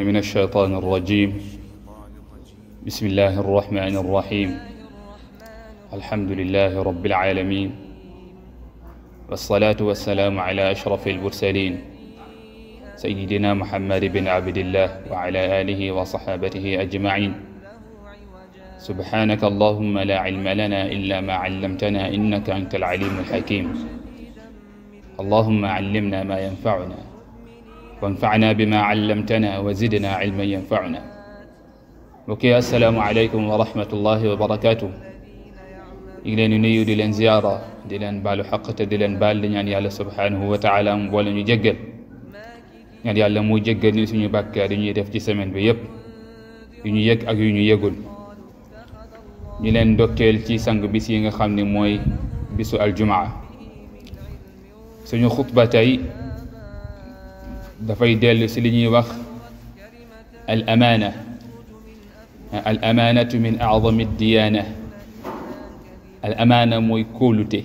من الشيطان الرجيم بسم الله الرحمن الرحيم الحمد لله رب العالمين والصلاة والسلام على أشرف المرسلين سيدنا محمد بن عبد الله وعلى آله وصحابته أجمعين سبحانك اللهم لا علم لنا إلا ما علمتنا إنك أنت العليم الحكيم اللهم علمنا ما ينفعنا وانفعنا بما علمتنا وزدنا علما ينفعنا وكي السلام عليكم ورحمة الله وبركاته ñu ngi leen di nuyu di leen ziyaara di leen baalu xaq te di leen baal di ñaan yàlla subhanahu wa taala mu boole ñu jéggal ñaan yàlla mu jéggal ni suñu bàkkaar yi ñuy def ci semaine bi yépp yu ñu yëg ak yu ñu yëgul ñu leen ndokkeel ci sang bis yi nga xam ne mooy bisu aljumaa suñu xutba tey dafay dellu si li ñuy wax al amaana al amaanatu min acdami diyaana al amaana mooy kóolute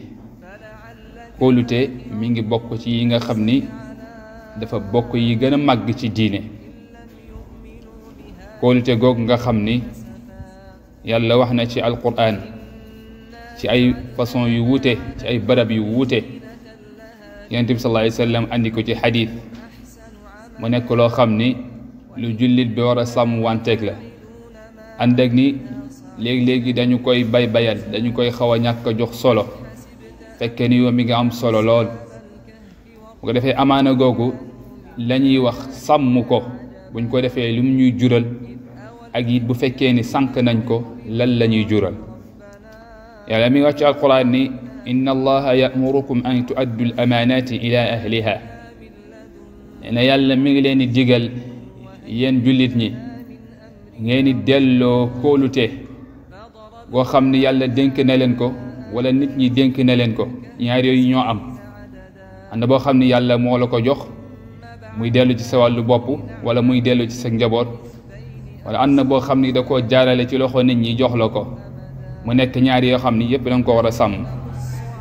kóolute mi ngi bokk ci yi nga xam ni dafa bokk yi gën a màgg ci diine kóolute googu nga xam ni yàlla wax na ci alquraan ci ay façon yu wuute ci ay barab yu wuute yonent bi sallallahu alayhi wa sallam andi ko ci xadiis mu nekk loo xam ni lu jullit bi war a sàmm wanteeg la ànd ak ni léegi-léegi dañu koy bay bayal dañu koy xaw a ñàkk a jox solo fekke ni yow mi nga am solo lool bu ko defee amaana googu la ñuy wax sàmm ko buñ ko defee lu ñuy jural ak it bu fekkee ni sànq nañ ko lan la ñuy jural yàlla mi wax ci alquran ni inna allaha yamurukum an tuaddu al amanati ila ahliha ne yàlla mu ngi leen di digal yéen jullit ñi ngeen di delloo kóolute boo xam ni yàlla dénk na leen ko wala nit ñi dénk na leen ko ñaar yooyu ñoo am ànd boo xam ni yàlla moo la ko jox muy dellu ci sa wàllu bopp wala muy dellu ci sa njaboot wala ànd boo xam ni da koo jaarale ci loxo nit ñi jox la ko mu nekk ñaar yoo xam ni yëpp da nga ko war a sàmm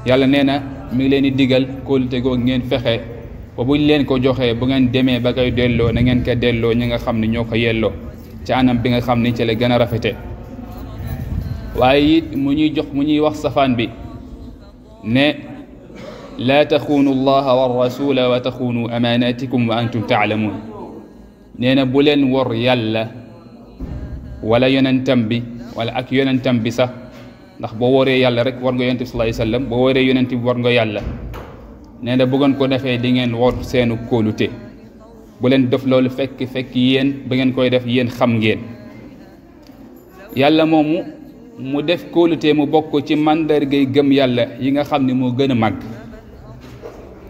yàlla nee na mi ngi leen di digal kóolute googu ngeen fexe. وبو لين كو جوخه بو نين ديمي باغي ديلو نا نين كا ديلو نيغا خامني ньоكا ييلو تي انام بيغا خامني تي لا غنا رافيتي وايت موني جوخ موني واخ صفان بي ني لا تخونوا الله والرسول وتخونوا اماناتكم وانتم تعلمون نينا بولين وور يالا ولا يننتم بي ولا اك يننتم بي صح ناخ بو ووري يالا رك وور غا يونتي صلى الله عليه وسلم بو ووري يونتي وور غا يالا neena bu ngeen ko defee di ngeen wor seenu kóolute bu leen def loolu fekk fekk yéen ba ngeen koy def yéen xam ngeen yàlla moomu mu def kóolute mu bokk ci màndargay gëm yàlla yi nga xam ne moo gën a màgg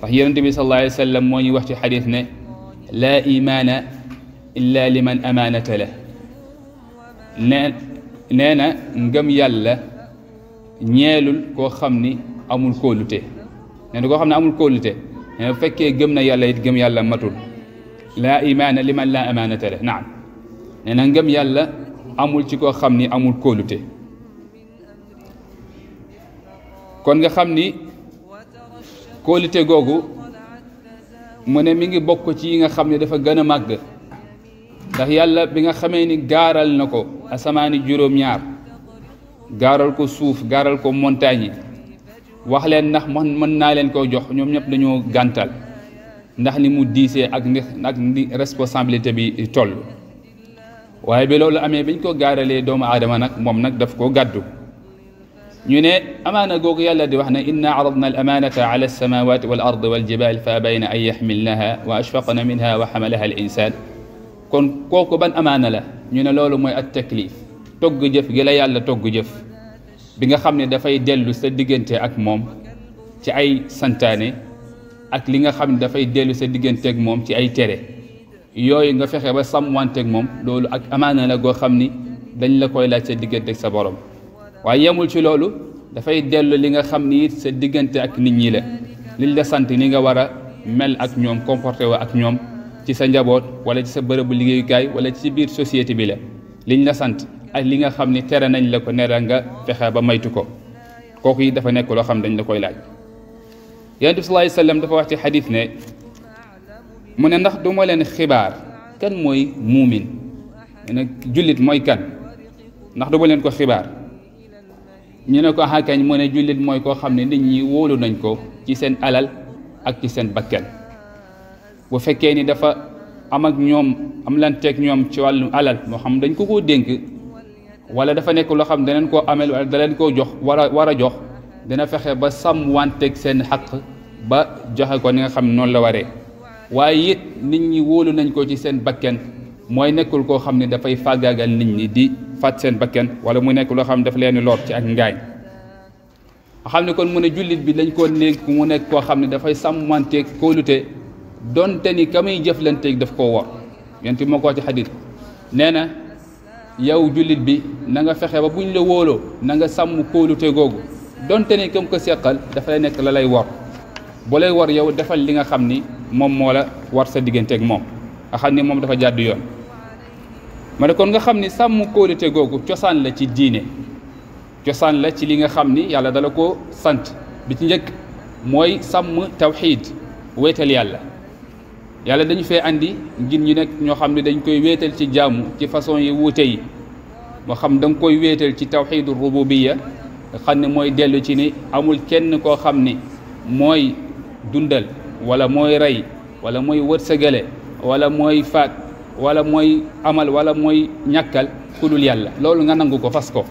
ndax yonente bi sallallahu alayhi wa sallam moo ñuy wax ci xadis ne laa imaana illa liman amaanata la nee nee na ngëm yàlla ñeelul koo xam ni amul kóolute نحن قاعدين نعمل كل ده فك جمنا يلا يتجم يلا ما تقول لا إيمان لمن لا أمانة له نعم نحن نجم يلا عمل تكو خمني عمل كل ده كون خمني كل ده جوجو من مينغي بوكو تي ينغ خمني ده فجنا مغ ده يلا بينغ خمني جارل نكو أسماني جرو ميار جارل كو سوف جارل كو مونتاني wax leen ndax man man naa leen koy jox ñoom ñëpp dañoo gàntal ndax ni mu diisee ak ni ak ni responsabilité bi toll waaye bi loolu amee biñ ko gaaralee doomu aadama nag moom nag daf koo gàddu ñu ne amaana googu yàlla di wax ne inna aradna al amanata ala al samawati wal ard wal jibal fa abayna an yaxmilnaha wa ashfaqna minha wa xamalaha al insan kon kooku ban amaana la ñu ne loolu mooy at taklif togg jëf gi la yàlla togg jëf bi nga xam ne dafay dellu sa diggante ak moom ci ay santaane ak li nga xam ne dafay dellu sa diggante ak moom ci ay tere yooyu nga fexe ba sàmmwante ak moom loolu ak amaana la goo xam ni dañ la koy laaj sa diggante ak sa borom waaye yemul ci loolu dafay dellu li nga xam ni it sa diggante ak nit ñi la liñ la sant ni nga war a mel ak ñoom comporté wa ak ñoom ci sa njaboot wala ci sa bërëbu liggéeyukaay wala ci biir société bi la liñ la sant ak li nga xam ni tere nañ la ko nera nga fexe ba maytu ko kooku yi dafa nekk loo xam dañ la koy laaj yonent bi sallallahu alayhi wasallam dafa wax ci xadis ne mu ne ndax du ma leen xibaar kan mooy muumin ne jullit mooy kan ndax du ma leen ko xibaar ñu ne ko xakañ mu ne jullit mooy koo xam ne nit ñi wóolu nañ ko ci seen alal ak ci seen bakkan bu fekkee ni dafa am ak ñoom am lanteeg ñoom ci wàllu alal moo xam dañ ko koo dénk wala dafa nekk loo xam ne daneen koo amel wala da leen koo jox war a war a jox dina fexe ba sàmm wanteeg seen xaq ba joxe ko ni nga xam ne noonu la waree waaye it nit ñi wóolu nañ ko ci seen bakken mooy nekkul koo xam ne dafay fàggaagal nit ñi di fat seen bakken wala mu nekk loo xam daf leen lor ci ak ngaañ xam ne kon mu ne jullit bi dañ koo néeg mu nekk koo xam ne dafay sàmm wanteeg lute donte ni ka muy jëflanteeg daf koo wor yent moo ko ci xadit nee na yow jullit bi na nga fexe ba buñ la wóoloo na nga sàmm kóolute googu donte ni ko que seqal dafay nekk la lay war boo lay wor yow defal li nga xam ni moom moo la war sa diggante ak moom nga xam ni moom dafa jàdd yoon ma ne kon nga xam ni sàmm kóolute googu cosaan la ci diine cosaan la ci li nga xam ni yàlla dala ko sant bi ci njëkk mooy sàmm tawxiid wéetal yàlla yàlla dañu fay andi ngir ñu nek ño xamni dañ koy wétal ci jaamu ci façon yi wuté yi mo xam da koy wétal ci tawhidur rububiyya xamni moy delu ci ni amul kenn ko xamni moy dundal wala moy ray wala moy wërsëgale wala moy faat wala moy amal wala moy ñàkkal ku yàlla loolu nga nangu ko fas ko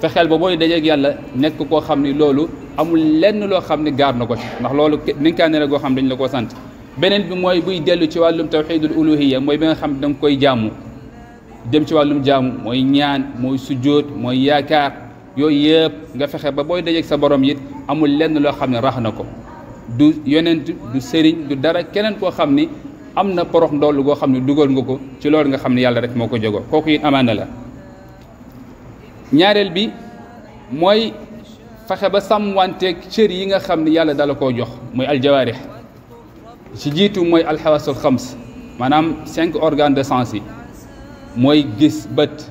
fexeel ba dajé ak yàlla nek ko xamni loolu amul lenn lo xamni gar nako ci ndax loolu ninkaane la xam dañ la ko sante beneen bi mooy buy dellu ci wàllum tawxidul uluhiya mooy bi nga xam da nga koy jaamu dem ci wàllum jaamu mooy ñaan mooy sujjóot mooy yaakaar yooyu yëpp nga fexe ba booy dajeeg sa borom it amul lenn loo xam ne ko du yonent du sëriñ du dara keneen koo xam ni porox ndoll goo xam ne nga ko ci loolu nga xam yàlla rek moo ko jógoo kooku it la ñaareel bi mooy fexe ba sàmmanteeg cër yi nga xam yàlla dala koo jox muy aljawaarix si jiitu mooy alxawasul khams manam cinq organes de sens yi moy gis bët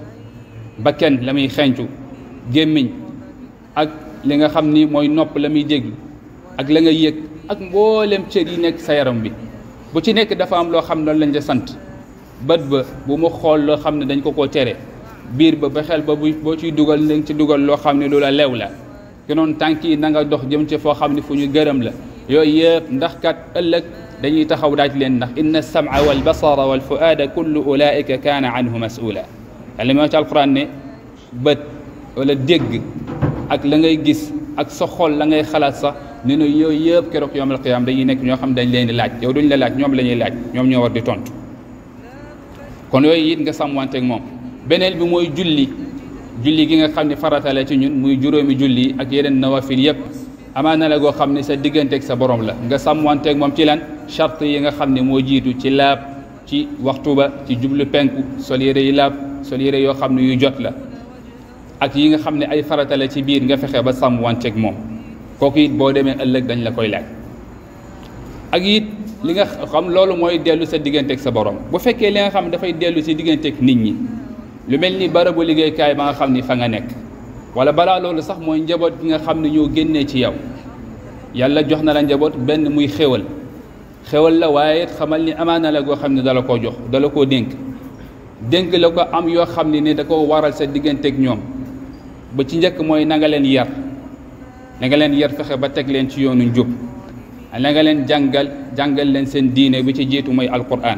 bakken la xencu gemign ak li nga xamni moy nop nopp deg ak la nga yek ak mbollem cër yi nekk sa yaram bi bu ci nek dafa am lo xam non lañ la sant bët ba bu mu xol lo xamni dañ ko ko tere bir ba ba xel ba bu boo ciy dugal nañ ci duggal lo xamni lula lew la ki noonu tànk na nga dox jëm ci fo xamni ne fu ñu gërëm la yoy yeb ndax kat ëlëk dañuy taxaw daaj leen ndax inna sam'a wal basara wal fu'aada kullu ulaa'ika kaana anhu mas'uula yàlla moo ci alquran ne bët wala dégg ak la ngay gis ak sa xol la ngay xalaat sax ne yoy yeb yëpp keroog yoomal qiyam dañuy nek ñoo xam dañ leen laaj yow duñ la laaj ñom lañuy laaj ñom ñoo war di tontu kon yoy yi nga samwante ak mom benel bi moy julli julli gi nga xamni farata la ci ñun muy juróomi julli ak yeneen nawafil yëpp amaana la goo xam ne sa digganteeg sa boroom la nga sàmm sàmmanteeg moom ci lan charte yi nga xam ne moo jiitu ci laab ci waxtu ba ci jublu penku sol yére yi laab sol yére yoo xam ne yu jot la ak yi nga xam ne ay farata ci biir nga fexe ba sàmm sàmmanteeg moom kooku it boo demee ëllëg dañ la koy laaj ak it li nga xam loolu mooy dellu sa digganteeg sa borom bu fekkee li nga xam dafay dellu si digganteeg nit ñi lu mel ni barabu liggéeykaay ba xam ni fa nga nekk wala balaa loolu sax mooy njaboot gi nga xam ne ñoo génnee ci yow yàlla jox na la njaboot benn muy xéwal xéwal la waaye it xamal ni amaana la goo xam ne dala koo jox dala koo dénk dénk la ko am yoo xam ne ni da koo waral sa digganteeg ñoom ba ci njëkk mooy na nga leen yar na nga leen yar fexe ba teg leen ci yoonu njub na nga leen jàngal jàngal leen seen diine bi ci jiitu mooy alquran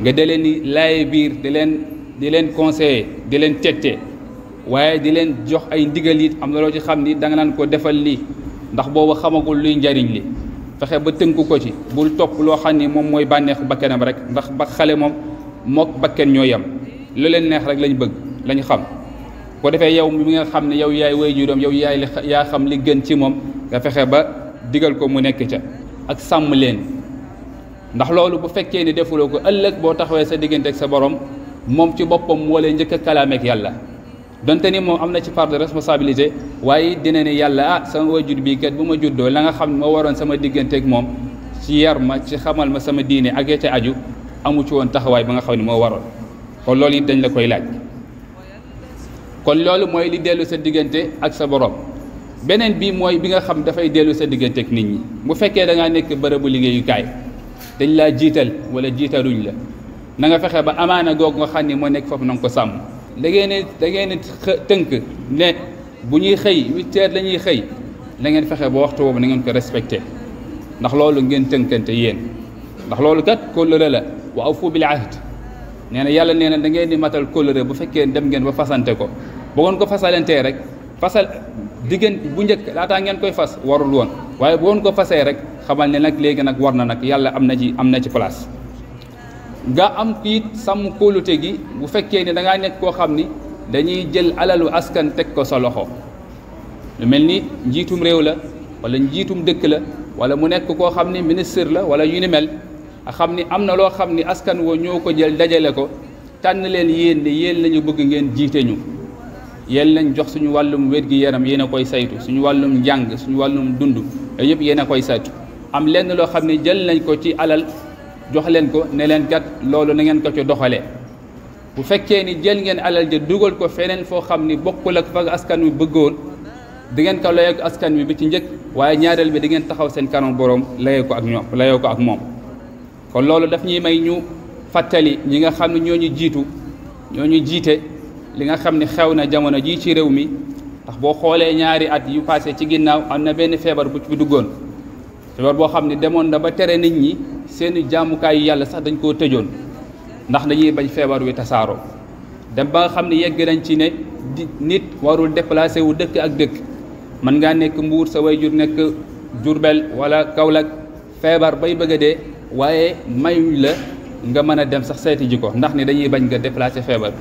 nga da leen di laaye biir di leen di leen conseiller di leen tette waaye di leen jox ay ndigal it am na loo ci xam ni da nga naan ko defal lii ndax boobu xamagul luy njariñ li fexe ba tënku ko ci bul topp loo xam ni moom mooy bànneexu bakkanam rek ndax ba xale moom mook bakken ñoo yem lu leen neex rek lañ bëgg lañ xam ko defee yow mi nga xam ne yow yaay way juróom yow yaay li yaa xam li gën ci moom nga fexe ba digal ko mu nekk ca ak sàmm leen ndax loolu bu fekkee ni defuloo ko ëllëg boo taxawee sa diggante ak sa borom moom ci boppam moo lay njëkk a kalaameek yàlla donte ni moom am na ci part de responsabilité waaye dina ne yàlla ah sama wajur bii kat bu ma juddoo la nga xam ne moo waroon sama digganteeg moom ci yar ma ci xamal ma sama diine ak ya ca aju amu ci woon taxawaay ba nga xam ne moo waroon kon loolu it dañ la koy laaj kon loolu mooy li dellu sa diggante ak sa borom beneen bii mooy bi nga xam dafay dellu sa diggante ak nit ñi bu fekkee da ngaa nekk bërëbu liggéeyukaay dañ laa jiital wala jiitaluñ la na nga fexe ba amaana googu nga xam ni moo nekk foofu na nga ko sàmm. da ngeen da ngeen tënk ne bu ñuy xëy huit heures xëy na ngeen fexe ba waxtu boobu na ngeen ko respecté ndax loolu ngeen tënkante yéen ndax loolu kat kóllëre la wa awfu bil ahd nee na yàlla nee na da ngeen di matal kóllëre bu fekkee dem ngeen ba fasante ko bu ko fasalantee rek fasal diggan bu njëkk laataa ngeen koy fas warul woon waaye bu ko fasee rek xamal ne nag léegi nag war na nag yàlla am na ci am na ci place nga am kiit sàmm kóolute gi bu fekkee ne da nekk koo xam ni dañuy jël alalu askan teg ko sa loxo lu mel ni njiitum réew la wala njiitum dëkk la wala mu nekk koo xam ni ministre la wala yu ni mel a xam ni am na loo xam ni askan woo ñoo ko jël dajale ko tànn leen yéen ni yéen lañu bëgg ngeen jiite ñu yéen lañ jox suñu wàllum wér gi yaram yéen a koy saytu suñu wàllum njàng suñu wàllum dund yooyu yëpp yéen a koy saytu am lenn loo xam ne jël nañ ko ci alal jox leen ko ne leen kat loolu na ngeen ko ca doxalee bu fekkee ni jël ngeen alal ja dugal ko feneen foo xam ni bokkul ak fa askan wi bëggoon di ngeen ko layoog askan wi bi ci njëkk waaye ñaareel bi di ngeen taxaw seen kanam borom layoo ko ak ñoom layoo ko ak moom. kon loolu daf ñuy may ñu fàttali ñi nga xam ne ñoo ñu jiitu ñoo ñu jiite li nga xam ne xew na jamono jii ci réew mi ndax boo xoolee ñaari at yu passé ci ginnaaw am na benn feebar bu ci duggoon feebar boo xam ne demoon na ba tere nit ñi. seeni jaamukaay yi yàlla sax dañ koo tëjoon ndax dañuy bañ feebar wi tasaaroo dem ba nga xam ne yegg nañ ci ne di nit warul déplacé wu dëkk ak dëkk mën ngaa nekk mbuur sa way jur nekk jurbel wala Kaolack feebar bay bëgg dee waaye mayuñ la nga mën a dem sax seeti ji ko ndax ni dañuy bañ nga déplacé feebar bi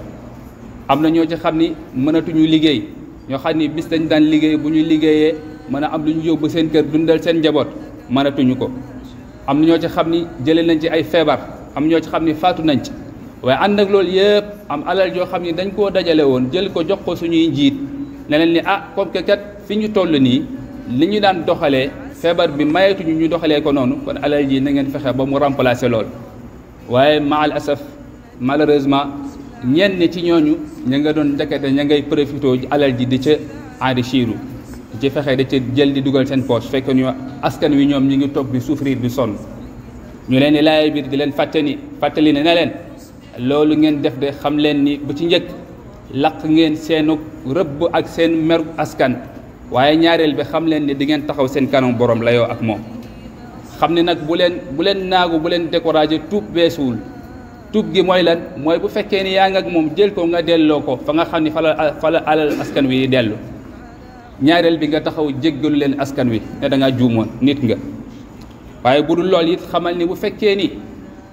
am na ñoo ci xam ni mënatuñu liggéey ñoo xam ni bis dañ daan liggéey bu ñuy liggéeyee mën a am lu ñu yóbbu seen kër dundal seen njaboot mënatuñu ko am na ñoo ci xam ni jëlee nañ ci ay feebar am ñoo ci xam ni faatu nañ ci waaye ànd ak loolu yëpp am alal yoo xam ni dañ koo dajale woon jël ko jox ko suñuy njiit ne ni ah comme que fi ñu toll nii li ñu daan doxalee feebar bi mayeetuñu ñu doxalee ko noonu kon alal ji na ngeen fexe ba mu remplacer lool waaye maal asaf malheureusement ñenn ci ñooñu ña nga doon njakkate ña ngay profité alal ji di ca enrichir ci fexe da ci jël di dugal seen poche fekk ñu askan wi ñoom ñu ngi toog bi souffrir di sonn ñu leen di laay biir di leen fàtte ni fàttali ne na leen loolu ngeen def de xam leen ni bu ci njëkk laq ngeen seenu rëbb ak seen mer askan waaye ñaareel bi xam leen ni di ngeen taxaw seen kanam boroom la yoo ak moom xam ne nag bu leen bu leen naagu bu leen découragé tuub beesuwul tuub gi mooy lan mooy bu fekkee ni yaa ngi moom jël ko nga delloo ko fa nga xam ni fa la fa la askan wi dellu ñaareel bi nga taxaw jéggalu leen askan wi ne da juumoon nit nga waaye bu dul lool it xamal ni bu fekkee ni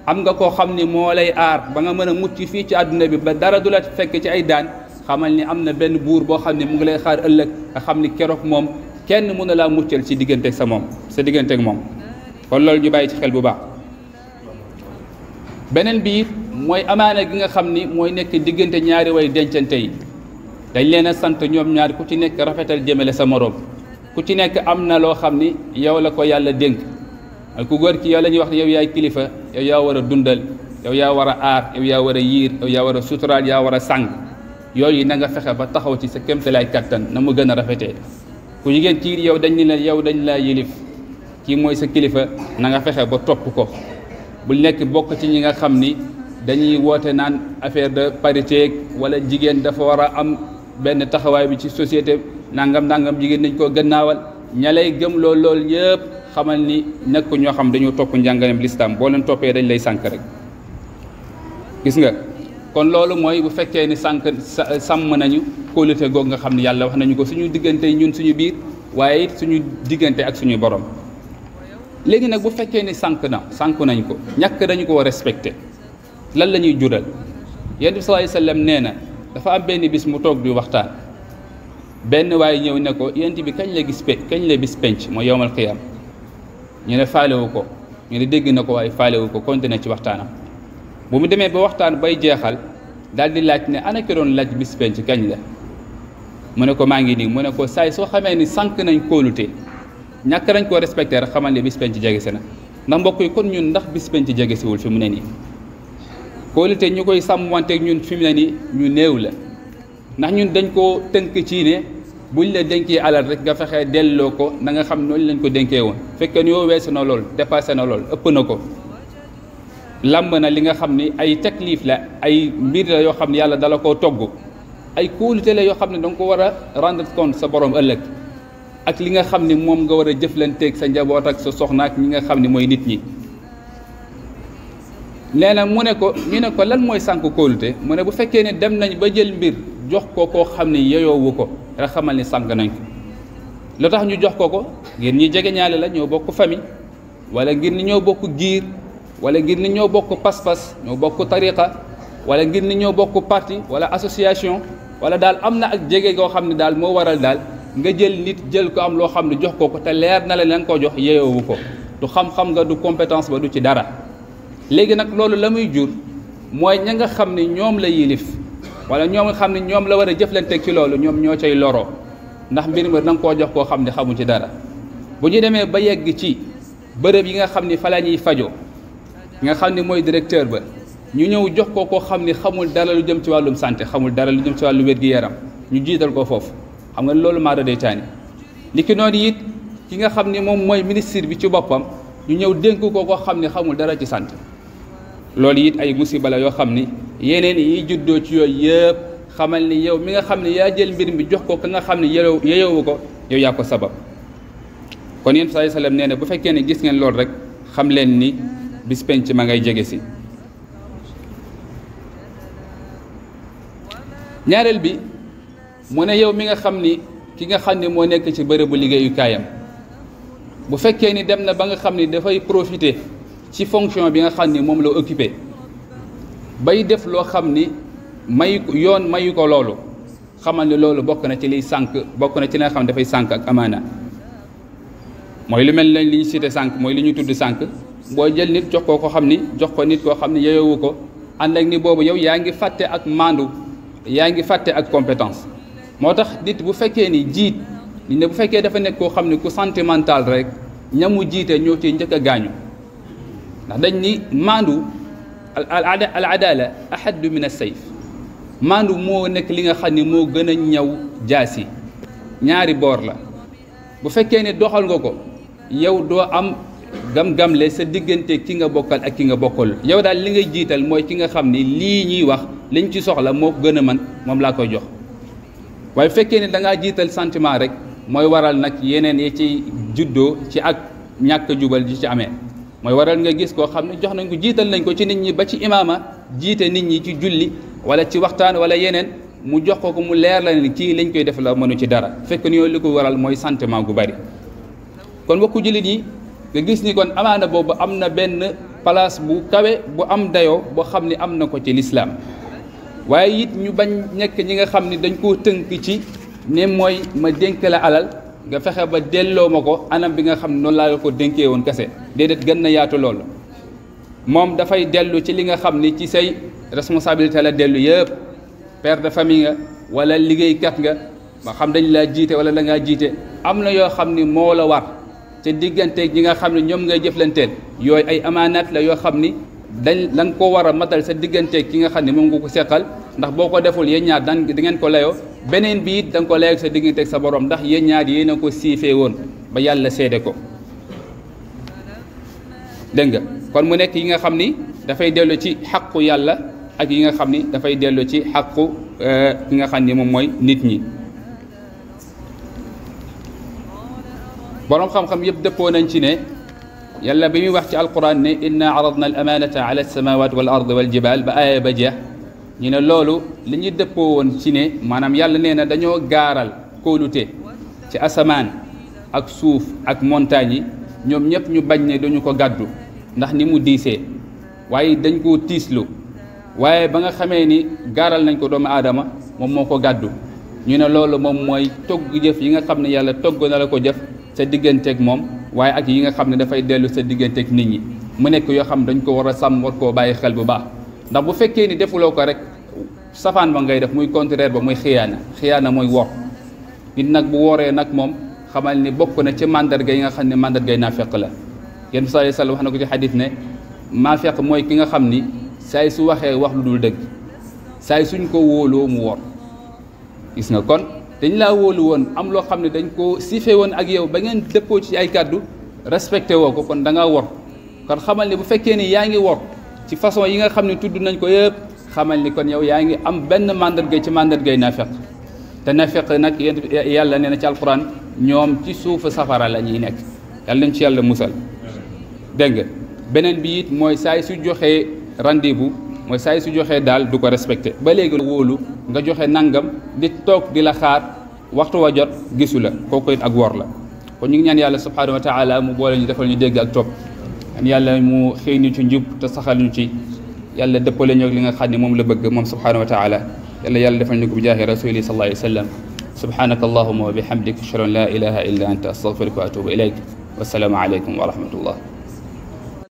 am nga koo xam ni moo lay aar ba nga mën a mucc fii ci àdduna bi ba dara du la fekk ci ay daan xamal ni am na benn buur boo xam ne mu ngi lay xaar ëllëg nga xam ni keroog moom kenn mën na laa muccal ci digganteeg sa moom sa digganteeg moom kon loolu ñu bàyyi ci xel bu baax beneen bi it mooy amaane gi nga xam ni mooy nekk diggante ñaari way dencante dañ leen a sant ñoom ñaar ku ci nekk rafetal jëmale sa morom ku ci nekk am na loo xam ni yow la ko yàlla dénk ku góor ci yow la ñuy wax yow yaay kilifa yow yaa war a dundal yow yaa war a aar yow yaa war a yiir yow yaa war a suturaal yaa war a sàng yooyu na nga fexe ba taxaw ci sa kéemtalaay kattan na mu gën a rafetee ku jigéen ci yow dañ ni la yow dañ laa yilif kii mooy sa kilifa na nga fexe ba topp ko bu nekk bokk ci ñi nga xam ni dañuy woote naan affaire de parité wala jigéen dafa war a am benn taxawaay bi ci société nangam nangam jigéen nañ koo gannaawal ña gëm lool lool ñëpp xamal ni nekk ñoo xam dañoo topp njàngaleem lislaam boo leen toppee dañ lay sànk rek gis nga kon loolu mooy bu fekkee ni sànk sàmm nañu kóolute goog nga xam ne yàlla wax nañu ko suñu diggante ñun suñu biir waaye suñu diggante ak suñu borom léegi nag bu fekkee ni sànk na sànk nañ ko ñàkk dañu ko respecté lan lañuy ñuy jural yonent bi sallallahu alayhi nee na dafa am benn bis mu toog di waxtaan benn waay ñëw ne ko yent bi kañ la gis pe kañ la bis penc mooy yowmal xiyam ñu ne faalewu ko ñu ne dégg na ko waaye faalewu ko continué ci waxtaanam bu mu demee ba waxtaan bay jeexal daal di laaj ne ana ki doon laaj bis penc kañ la mu ne ko maa ngi nii mu ne ko saay soo xamee ni sànq nañ kóolute ñàkk nañ koo respecté rek xamal ne bis penc jege si na ndax mbokk yi kon ñun ndax bis penc jege si wul fi mu ne nii kóolute ñu koy sàmm sàmmanteeg ñun fi mu ne nii ñu néew la ndax ñun dañ koo tënk ci ne buñ la denkee alal rek nga fexe delloo ko na nga xam noonu lañ ko denkee woon fekkee ni yow weesu na lool dépassé na lool ëpp na ko làmb na li nga xam ni ay taklif la ay mbir la yoo xam ne yàlla dala koo togg ay kóolute la yoo xam ne danga ko war a rendre compte sa boroom ëllëg ak li nga xam ni moom nga war a jëflanteeg sa njaboot ak sa soxna ak ñi nga xam ni mooy nit ñi. nee na mu ne ko ñu ne ko lan mooy sànq kóolute mu ne bu fekkee ne dem nañu ba jël mbir jox ko koo xam ne yeyoowu ko rek xamal ni sànq nañ ko lu tax ñu jox ko ko ngir ñi jege ñaale la ñoo bokk famille wala ngir ni ñoo bokk giir wala ngir ni ñoo bokk pas-pas ñoo bokk tariqa wala ngir ni ñoo bokk parti wala association wala daal am na ak jege koo xam ne daal moo waral daal nga jël nit jël ko am loo xam ne jox ko ko te leer na la nga ko jox yeyoowu ko du xam nga du compétence ba ci dara léegi nag loolu la muy jur mooy ña nga xam ni ñoom la yilif wala ñoom nga xam ni ñoom la war a jëflanteeg ci loolu ñoom ñoo cay loro ndax mbir mi da nga koo jox koo xam ne xamu ci dara bu ñu demee ba yegg ci bërëb yi nga xam ni fa la ñuy fajo nga xam ni mooy directeur ba ñu ñëw jox ko koo xam ni xamul dara lu jëm ci wàllum santé xamul dara lu jëm ci wàllu wér-gi-yaram ñu jiital ko foofu xam nga loolu maa day taani ni ki noonu it ki nga xam ni moom mooy ministre bi ci boppam ñu ñëw dénk ko koo xam ni xamul dara ci santé loolu it ay musiba la yoo xam ni yeneen yi juddoo ci yooyu yëpp xamal ni yow mi nga xam ne yaa jël mbir mi jox ko ka nga xam ne yeyow yeyowu ko yow yaa ko sabab kon yéen saa sallam nee na bu fekkee ne gis ngeen loolu rek xam leen ni bis penc ma ngay jege si ñaareel bi mu ne yow mi nga xam ni ki nga xam ni moo nekk ci bërëbu liggéeyukaayam bu fekkee ni dem na ba nga xam ni dafay profiter ci fonction bi nga xam mom moom la occupé bay def lo xam may yoon mayuko lolu xamal ni lolu bokk na ci li sank bokk na ci li nga xam ne dafay sànq ak amana moy lu mel ne li cité sank moy li ñu tudd sànq boo jël nit jox ko ko xamni jox ko nit ko xamni ni and ak ni bobu yow yaangi ngi ak mandu yaangi ngi ak compétence motax tax nit bu féké ni jiit ni bu féké dafa nek ko xamni ne ku sentimental rek ñamu jité ñoo ciy njëkk a ndax dañ ni mandu al adala ahaddu min as-sayf mandu moo nekk li nga xam ne moo gën a ñaw jaasi ñaari boor la bu fekkee ne doxal nga ko yow doo am gam-gamle sa diggante ki nga bokkal ak ki nga bokkal yow daal li ngay jiital mooy ki nga xam ni lii ñuy wax liñ ci soxla moo gën a man moom laa koy jox waaye fekkee ne da ngaa jiital sentiment rek mooy waral nag yeneen yi ci juddoo ci ak ñàkk jubal ji ci amee mooy waral nga gis koo xam ne jox nañ ko jiital nañ ko ci nit ñi ba ci imaama jiite nit ñi ci julli wala ci waxtaan wala yeneen mu jox ko ko mu leer la ne kii lañ koy def la mënu ci dara fekk ni yooyu li ko waral mooy sentiment gu bari kon wakku jullit yi nga gis ni kon amaana boobu am na benn place bu kawe bu am dayo boo xam ne am na ko ci lislaam waaye it ñu bañ nekk ñi nga xam ni dañ koo tënk ci ne mooy ma dénk la alal nga fexe ba delloo ma ko anam bi nga xam ne noonu laa la ko dénkee woon kese déedéet gën na yaatu loolu moom dafay dellu ci li nga xam ni ci say responsabilité la dellu yëpp père de famille nga wala liggéeykat nga ma xam dañ laa jiite wala da ngaa jiite am na yoo xam ni moo la war ca digganteeg ñi nga xam ne ñoom ngay jëflanteen yooyu ay amaanaat la yoo xam ni dañ la nga ko war a matal sa digganteeg ki nga xam ne moom nga ko seqal ndax boo ko deful yéen ñaar daan di ngeen ko layoo benen bi dang da nga ko laaj sa diggante ak sa borom ndax yéen ñaar yéen a ko sifé won ba yàlla sédé ko deng nga kon mu nek yi nga xamni da fay dellu ci haqu yàlla ak yi nga xamni da fay dellu ci xàqu ki nga xamni mom moy nit ñi borom xam-xam yeb depo nañ ci ne yàlla bi mi wax ci alquran ne inna aradna al amanata ala samawati wal ardi wal jibal ba aaya ba jeex ñu ne loolu li ñu dëppoo woon ci ne maanaam yàlla nee na dañoo gaaral kóolute ci asamaan ak suuf ak montagne yi ñoom ñëpp ñu bañ ne duñu ko gàddu ndax ni mu diisee waaye dañ ko tiislu waaye ba nga xamee ni gaaral nañ ko doomu aadama moom moo ko gàddu ñu ne loolu moom mooy togg jëf yi nga xam ne yàlla togg na la ko jëf sa digganteeg moom waaye ak yi nga xam ne dafay dellu sa digganteeg nit ñi mu nekk yoo xam dañ ko war a sàmm war koo bàyyi xel bu baax ndax bu fekkee ni defuloo ko rek safaan ba ngay def muy contraire ba muy xiyaana xiyaana mooy wor nit nag bu woree nag moom xamal ni bokk na ci mandarga yi nga xam ne mandarga yi naafeq la yéen bi sallallahu alayhi wax na ko ci xadis ne naafeq mooy ki nga xam ni saay su waxee wax lu dul dëgg saay suñ ko wóoloo mu wor gis nga kon dañ laa wóolu woon am loo xam ne dañ ko siifee woon ak yow ba ngeen dëppoo ci ay kàddu respecté woo ko kon da nga wor kon xamal ni bu fekkee ni yaa ngi wor ci façon yi nga xam ne tudd nañ ko yëpp xamal ni kon yow yaa ngi am benn mandarga ci mandargay naafeq te naafeq nag yàlla nee na ci alquran ñoom ci suufu safara la ñuy nekk yàlla nañ ci yàlla musal dégg nga beneen bi it mooy saay su joxee rendez-vous mooy saay su joxee daal du ko respecté ba léegi wóolu nga joxe nangam di toog di la xaar waxtu wa jot gisu la kooku it ak wor la kon ñu ngi ñaan yàlla subhanahu wa taala mu boole ñu defal ñu dégg ak topp ان يالله مو خيرني تنجب تسخلني يالله دبولي نجوك لنا خادني مم لبق مم سبحانه وتعالى يالله يالله دفن نجوك بجاه رسولي صلى الله عليه وسلم سبحانك اللهم وبحمدك شر لا إله إلا أنت أستغفرك وأتوب إليك والسلام عليكم ورحمة الله